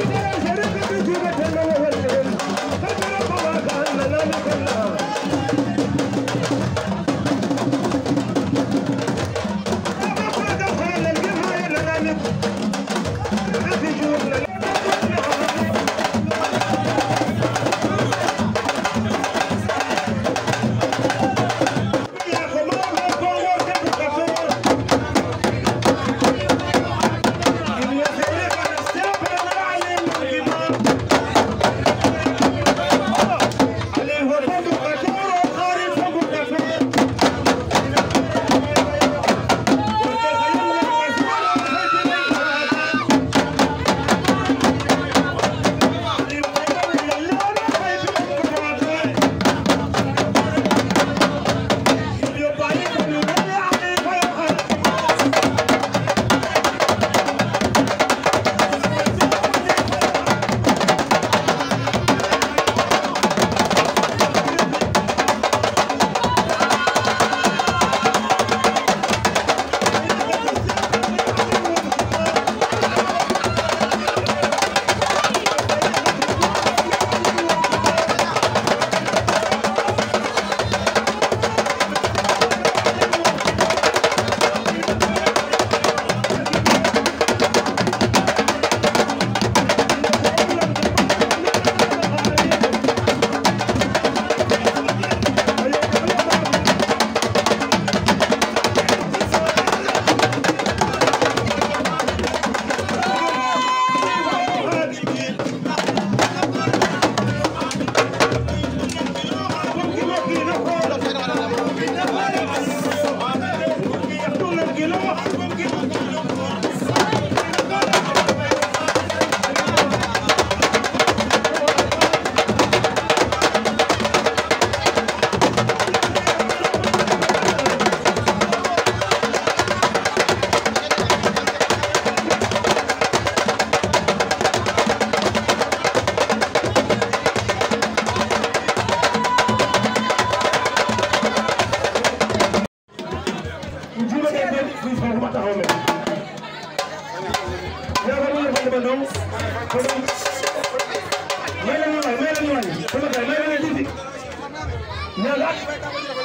Thank you.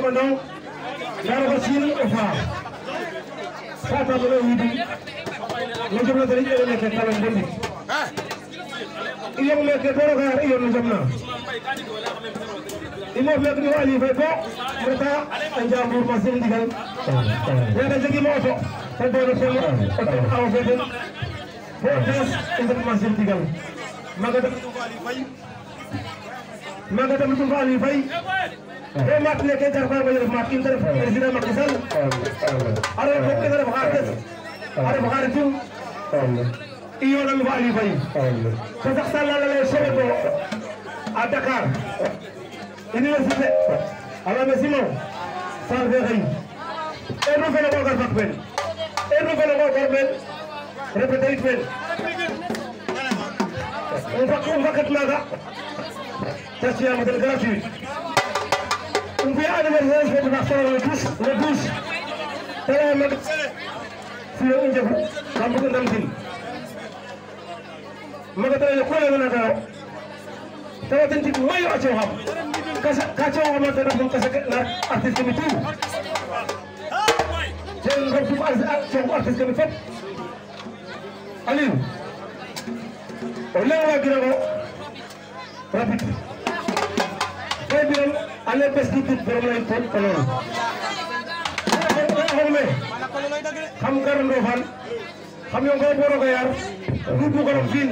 kono Jaraba Sino e Fa fata mo widi mo jomna dari e ne ke tala ndendi iyo me ke boro ga iyo no jomna imo me ke wali fe ko murta an jambur masin digal ya da jigi moto ये मत लेके दरबार बजे माटी की तरफ इधर मत चल अरे भूख की तरफ हाथ अरे बाहर क्यों इयोन वाली भाई सदक सल्लल्लाहु अलैहि वसल्लम को अटकार यूनिवर्सिटी अल्लाह मेसिनो सर दे गई एनु फेलो को कर सकबेन एनु फेलो को करबेन रिपीट बेन उनका कौन वक्त लगा तस्या मदद करा चीज um fe anniversaire fete national le 10 le 12 tawa mag fiyo i njegu kam bug o ndamtin maga tara ye kole nana tayo tawa ten tig mayu a cooxam ka cooxama ten refum kasa na artiste mi tout ten refum cooxu artiste mi fop aliou අනේ ප්‍රශ්නිකුත් පෙරලයි තොත් පලන හොමේ කම් කරන රෝහල් කම් යෝග බොරක යාර රූපු කරන ෆින්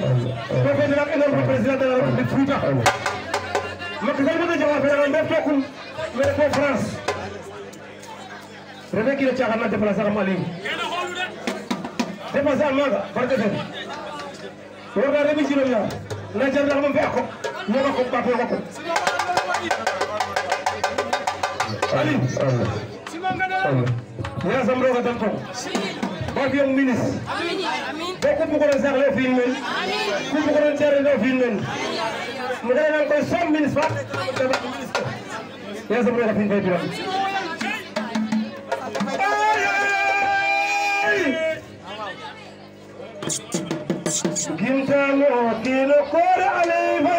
ප්‍රොෆෙසර් කෙනල් ප්‍රෙසිඩන්ට් අර ෆුටා මට ගල්මද ජවාබ් දෙන්න බැක්කු मेरे को फ्रांस रेवे की रचा करना दे प्लासा माली दे प्लासा माग बढ़ते थे और रेवे चिलो या ना जब लगम पे आको ना को पापो को Aliou ñaa sam roog a dam tong maa fiyong ministre bo ku bugoona saxle fi'in meen ku bugoona jareno fi'in meen mu dee nang koy soom ministre fa tabax ministre ñaa sam roog a fi'in fay biram gim taamo kiino koore aley fa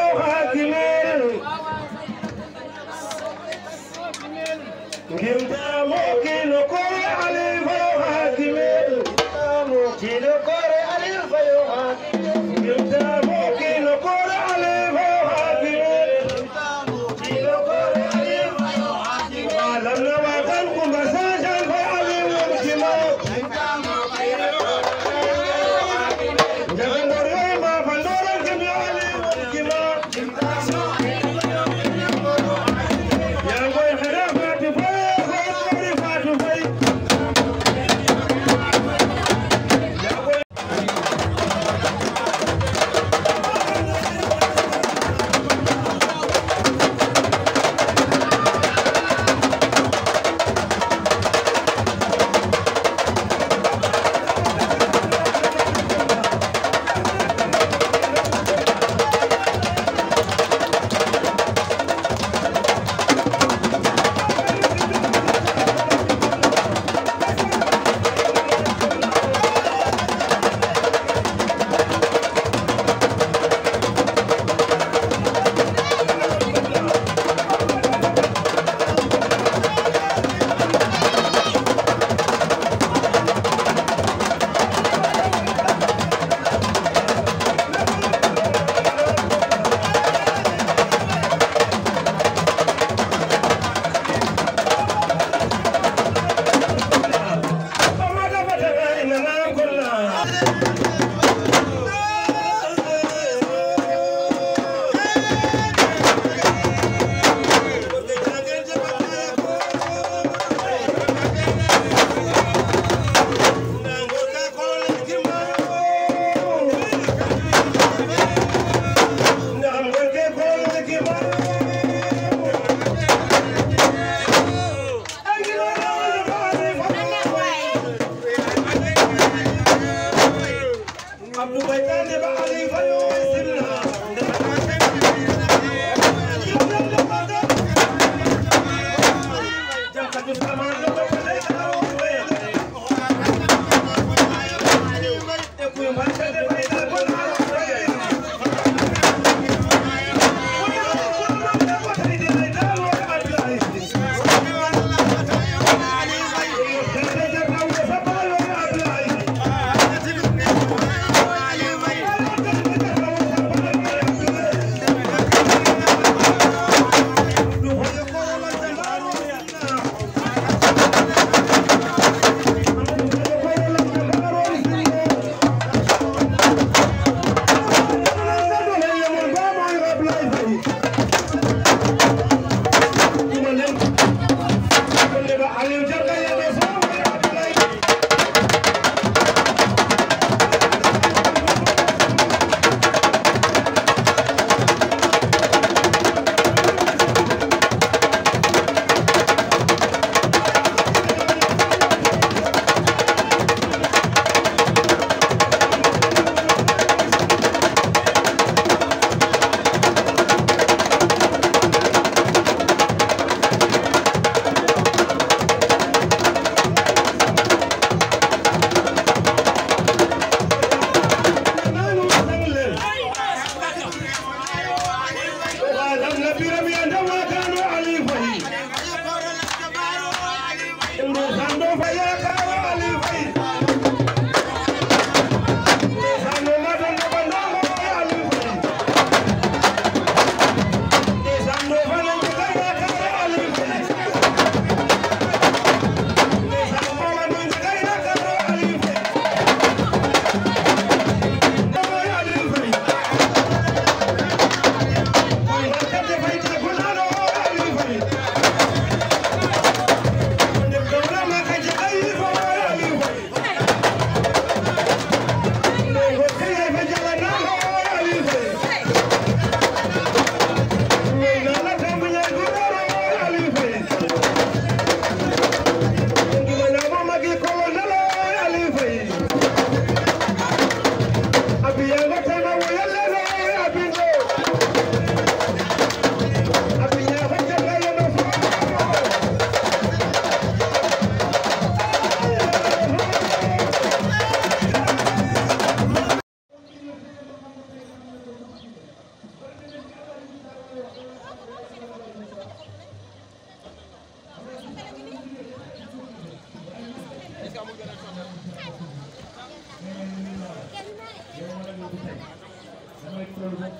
Let's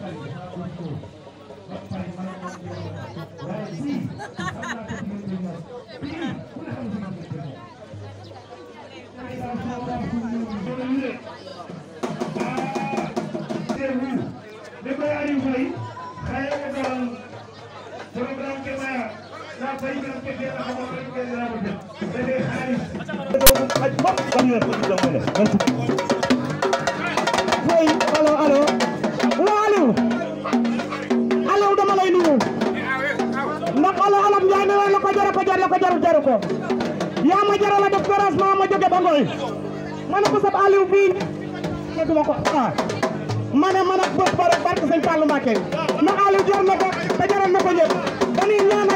go. yaa ma jaral a def forage maa ma jóge ba ngoy ma ne ko sab Aliou bii teguma ko ah ma ne ma nag bés ba rek barke sëñ na Aliou jar na na ko ñëpp dañuy ñaan